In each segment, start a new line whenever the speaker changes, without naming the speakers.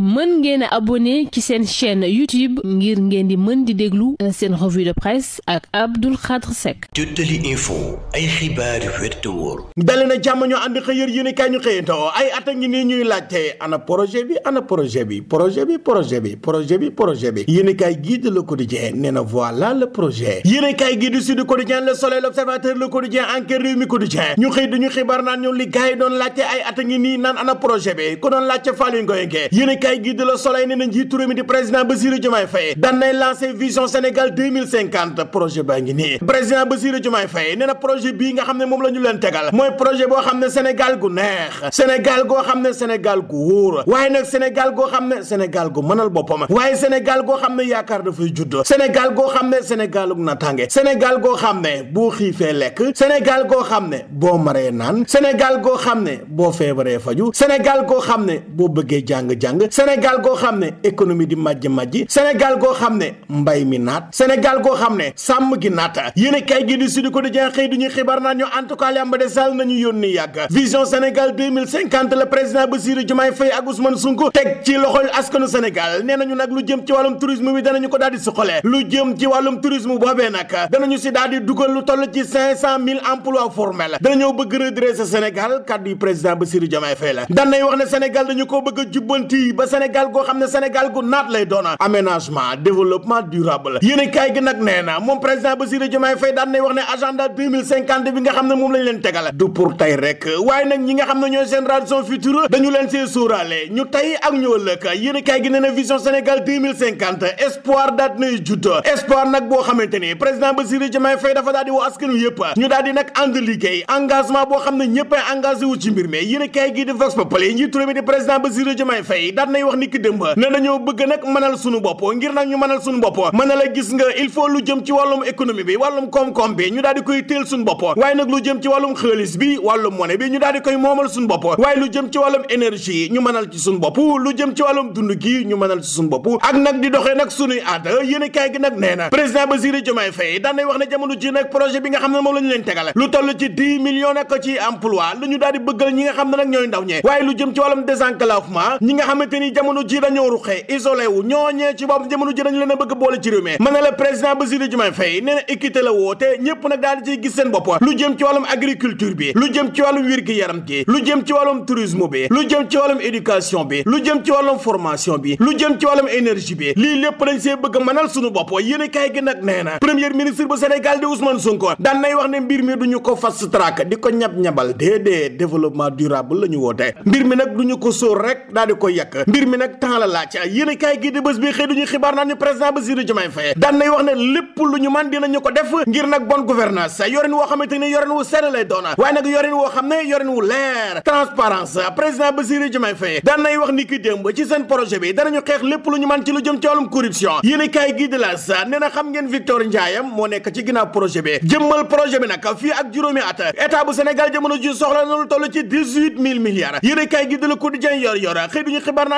mën ngeen a abonné ci seen chaîne YouTube ngir ngeen di mën di déglu euh, seen revue de presse ak Abdou Khadre Seck Jotali info ay xibaar yu wér te wóor dale na jàmm ñoo àndi xëyër yu ni kaay ñu xëyantoo ay at a ngi nii ñuy laajte ana projet bi ana projet bi projet bi projet bi projet bi projet bi yéen i kaay gii di Le Quotidien nee na voilà le projet yéen i kaay gii di Sud Quotidien Le Soleil L'Observateur Le Quotidien Enquête Rewmi Quotidien ñu xëy dañu xibaar kaay gii di la Soleil nee na njiitu réew mi di président Bassirou Diomaye Faye daan nay lancé vision Sénégal projet baa ngi nii président Bassirou Diomaye Faye nee na projet bii nga xam ne moom la ñu leen tegal mooy projet boo xam ne Sénégal gu neex Sénégal goo xam ne Sénégal gu wóor waaye nag Sénégal goo xam ne Sénégal gu mënal boppam waaye Sénégal goo xam ne yaakaar dafay judd Sénégal goo xam ne Sénégal gu natange Sénégal goo xam ne boo xiifee lekk Sénégal goo xam ne boo maree naan Sénégal goo xam ne boo feebaree faju Sénégal goo xam ne boo bëggee jàng-jàng Sénégal goo xam ne économie di màjj màjj Sénégal goo xam ne mbay mi naat Sénégal goo xam ne sàmm gi naata yéen a gi di Sud Quotidien xëy du ñu xibaar naan ñu en tout cas li am ba de sall nañu yónni yàgg vision Sénégal 2050 le président Bassirou Diomaye Faye ak Ousmane Sonko teg ci loxol askanu Sénégal nee nañu nag lu jëm ci wàllum tourisme bi danañu ko daal di suqale lu jëm ci wàllum tourisme boobee nag ñu si daal di dugal lu toll ci cinq cent mille en formels danañoo bëgg redresser Sénégal kàddu yi président Bassirou Diomaye Faye la daan nay wax ne Sénégal dañu ko bëgg a jubbanti ba Sénégal goo xam ne Sénégal gu naat lay doona aménagement développement durable yéen a kaay gi nag nee na moom président Bassirou Diomaye Faye daan nay wax ne agenda 2050 bi nga xam ne moom lañ leen tegal du pour tey rek nga xam ne ñooy génération future dañu leen see sóoraale ñu tey ak ñu ëllëg yéen a kaay gi nee na vision Sénégal 2050 espoir daat nay judd espoir nag boo xamante ni président Bassirou Diomaye Faye dafa daal di woo askan wi yëpp ñu daal nag ànd liggéey engagement boo xam ne ñëpp a engagé wu ci mbir mi yéen a kaay gi di Vox Populi ñi président Bassirou Diomaye Faye nay wax ni ki démb ne dañoo bëgg nag mënal sunu bopp ngir nag ñu mënal sunu bopp mën a la gis nga il faut lu jëm ci wàllum économie bi wàllum koom-koom bi ñu daal di koy téel suñu bopp waaye nag lu jëm ci wàllum xaalis ñu daal di bopp lu jëm ci wàllum énergie ñu mënal ci bopp gi ñu mënal ak nag di doxee nag sunuy aada yéen gi nag nee na président Bassirou Diomaye Faye daan nay wax ne jamono ji nag projet bi nga xam ne moom la ñu leen tegale lu toll ci dix millions nag ci emploi di bëggal ñi nga xam ne nag ñooy ndaw ñee ni jamono ji dañoo ruxee isolé wu ñooñee ci bopp jamono ji dañ leen a bëgg boole ci réew mi mën na la président Bassirou Diomaye Faye nee na équité la woote ñëpp nag daal di ciy gis seen bopp lu jëm ci wàllum agriculture bi lu jëm ci wàllum wér gi yaram gi lu jëm ci wàllum tourisme bi lu jëm ci wàllum éducation bi lu jëm ci wàllum formation bi lu jëm ci wàllum énergie bi lii lépp dañ see bëgg mënal suñu bopp yéene kaay gi nag nee na premier ministre bu Sénégal di Ousmane Sonko daan nay wax ne mbir mi duñu ko fast track di ko ñab-ñabal déedéet développement durable la ñu woote mbir mi nag duñu ko sóor rek daal di ko yàq mbir mi nag temps la laaj yéen a kaay gii di bés bi xëy duñu xibaar naan ñu président Bassirou Diomaye Faye daan nay wax ne ko def ngir nag bonne gouvernance yorin woo xamante ni yorin wu sell lay doona waaye nag yorin woo xam ne yorin wu leer transparence président Bassirou Diomaye Faye daan nay wax ni ki démb ci seen projet bi danañu xeex lépp lu ñu man ci lu jëm ci wàllum corruption yéen a kaay gii di la sa nee xam ngeen Victor Ndiaye moo nekk ci ginnaaw projet bi jëmmal projet bi nag fii jamono ji soxla na lu toll ci dix-huit mille milliards a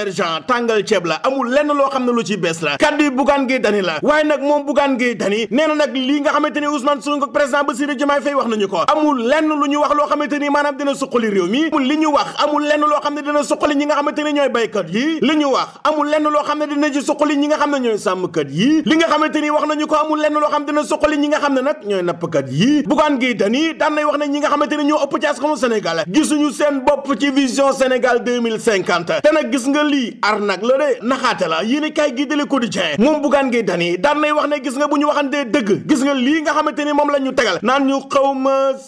émergent tàngal ceeb la amul lenn loo xam ne lu ci bees la kaddu yi Bougane Gueye la waaye nag moom Bougane Gueye Dany nee nag lii nga xamante ni Ousmane Sonko président Bassirou Diomaye Faye amul lenn lu ñu wax loo xam ne dina suqali ñi nga xamante ni ñooy béykat yi li ñu wax amul lenn loo xam ne dina ci ñi nga xam ne ñooy sàmmkat yi li nga xamante ni wax nañu ko amul lenn loo xam dina suqali ñi nga xam ne nag ñooy nappkat yi Bougane Gueye Dany daan nay wax ne ñi lii arnaque la de naxaate la yéen i kaay gi dale quotidien moom buggaan ngay dani daan nay wax ne gis nga bu ñu waxantee dëgg gis nga lii nga xamante moom la ñu tegal naan ñu xaw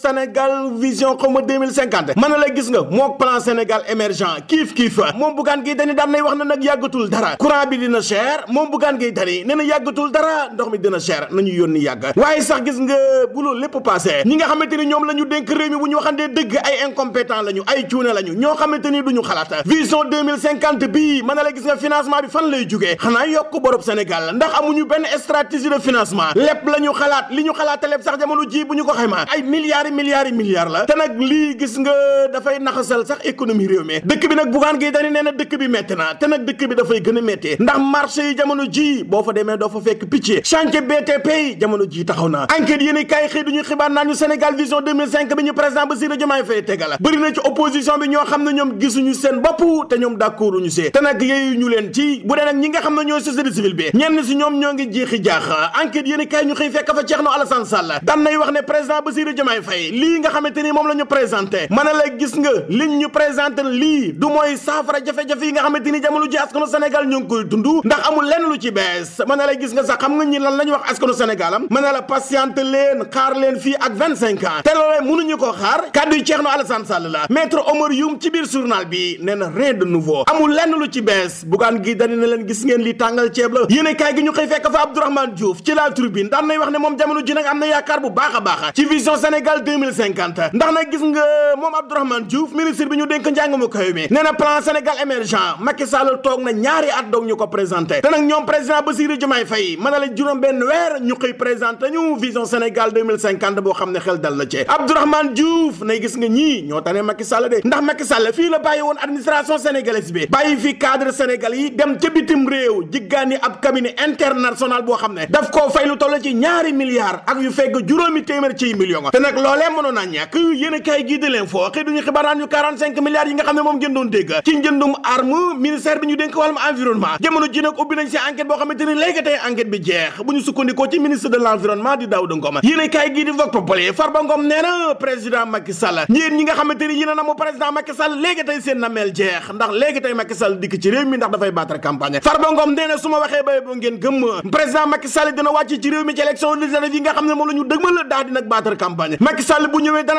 Sénégal vision xaw ma 2050 mën na la gis nga moo plan Sénégal émergent kiif kiif moom buggaan ngay dani daan nay wax ne nag yàggatul dara courant bi dina cher moom buggaan ngay dani nee yàggatul dara ndox mi dina cher nañu yónni yàgg waaye sax gis la ñu dénk réew mi bu bi mën na la gis nga financement bi fan lay jógee xanaa yokk borob Sénégal ndax amuñu benn stratégie de financement lépp la ñu xalaat li ñu xalaat lépp sax jamono ji bu ñu ko xaymaa ay milliards yi milliards yi milliards la te nag lii gis nga dafay naxasal sax économie réew mi dëkk bi nag bugaan gi dañu nee dëkk bi métti na te nag dëkk bi dafay gën a métti ndax marché yi jamono ji boo fa demee doo fa fekk picc chantier BTP yi jamono na enquête yéen i kaay xëy duñu xibaar na ñoom gisuñu seen bopp te ñoom d'accorduñu si organisé te nag yeeyu ñu leen ci bu dee nag ñi nga xam ne ñooy société civile bi ñenn si ñoom ñoo ngi jeexi jaax enquête yéen kay ñu xëy fekk fa Thierno Alassane Sall dan nay wax ne président Bassirou Diomaye Faye lii nga xamante ni moom la ñu mën a la gis nga liñ ñu présenté lii du mooy saafara jafe-jafe yi nga xamante ni jamono ji askanu Sénégal ñoo ngi koy dund ndax amul lenn lu ci bees mën a la gis nga sax xam nga ñi lan la ñu wax askanu Sénégal a la patiente leen xaar leen fii ak vingt-cinq xaar kàddu yi Thierno Alassane Sall la maître Omar Youm ci biir journal na rien de lenn lu ci bees gis ngeen li tàngal ceeb la yéen kaay gi ñu xëy wax ne moom jamono ji nag am na yaakaar bu baax a baax ci vision Sénégal 2050 ndax nag gis nga moom Abdourahmane Diouf ministre bi ñu dénk njàng mu kaw mi nee na plan Sénégal émergent Macky toog na ñaari at doog ñu ko présenté te nag ñoom président Bassirou Diomaye Faye mën na la juróom benn weer ñu xëy présenté ñu vision Sénégal 2050 boo xam ne xel dal na ci Abdourahmane Diouf nay gis nga ñii ñoo tane Macky Sall de ndax Macky Sall fii la bàyyi woon administration sénégalaise bi bàyyi fi cadre sénégal yi dem ca bitim réew jiggaani ab cabinet international boo xam ne daf koo fay lu toll ci ñaari milliards ak yu fegg juróomi téeméer ciy million te nag loolee mënoon naa ñàkk yéen a kaay gii di leen foo xëy duñu xibaar naan ñu yi nga xam ne moom ngeen dégg ci njëndum arme ministère bi ñu dénk wàllum environnement jamono ji ubbi nañ si enquête boo xamante ni léegi tey enquête bi jeex bu ñu sukkandikoo ci ministre de l'environnement a kaay gii di Sall dikk ci réew mi ndax dafay battre campagne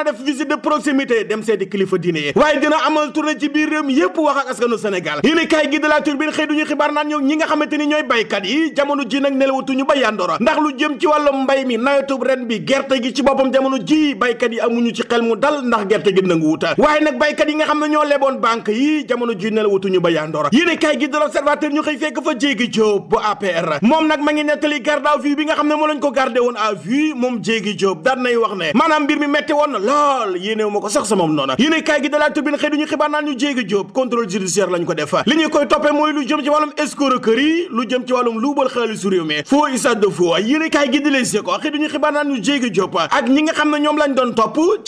dem seeti kilifa diine waaye dina amal tournée ci biir réew mi yëpp wax askanu Sénégal yéen gi de la xëy duñu xibaar naan ñi nga xamante ni ñooy baykat yi jamono ji nag nelawatuñu ba yàndoora ndax lu jëm ci wàllum mbay mi nawetub ren bi gerte gi ci boppam jamono ji baykat yi amuñu ci xel mu dal ndax gerte gi nangu wuta waaye nag baykat yi nga xam ne ñoo leboon banque yi jamono ji nelawatuñu ba yandoor a kaay gi de l'observateur ñu xëy fekk fa jéegi Diop bu APR moom nag ma ngi nettali garde à vue bi nga xam ne moo lañ ko gardé woon à vue moom jéegi Diop daan wax ne maanaam mbir mi metti woon na lool yéenewu ma ko sax sama noona yéene kaay gi de la turbine xëy naan ñu jéegi Diop contrôle judiciaire lañ ko def li ñu koy toppee mooy lu jëm ci wàllum escroquerie lu jëm ci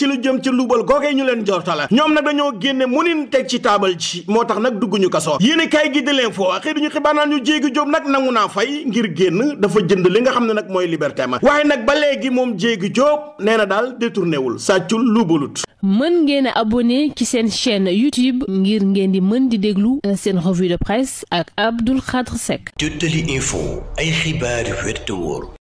lu jëm ci luubal googee ñu leen jorta la ñoom kaso yéen i gi di leen foo xëy duñu xibaar naan ñu jéegi jóob nag nangu naa fay ngir génn dafa jënd li nga xam ne nag mooy liberté ma waaye nag ba léegi moom jéegi jóob nee na daal détourné wul sàccul luubalut mën ngeen a abonné ci seen chaîne YouTube ngir ngeen di mën di déglu euh, seen revue de presse ak Abdou Khadre Seck. ay xibaar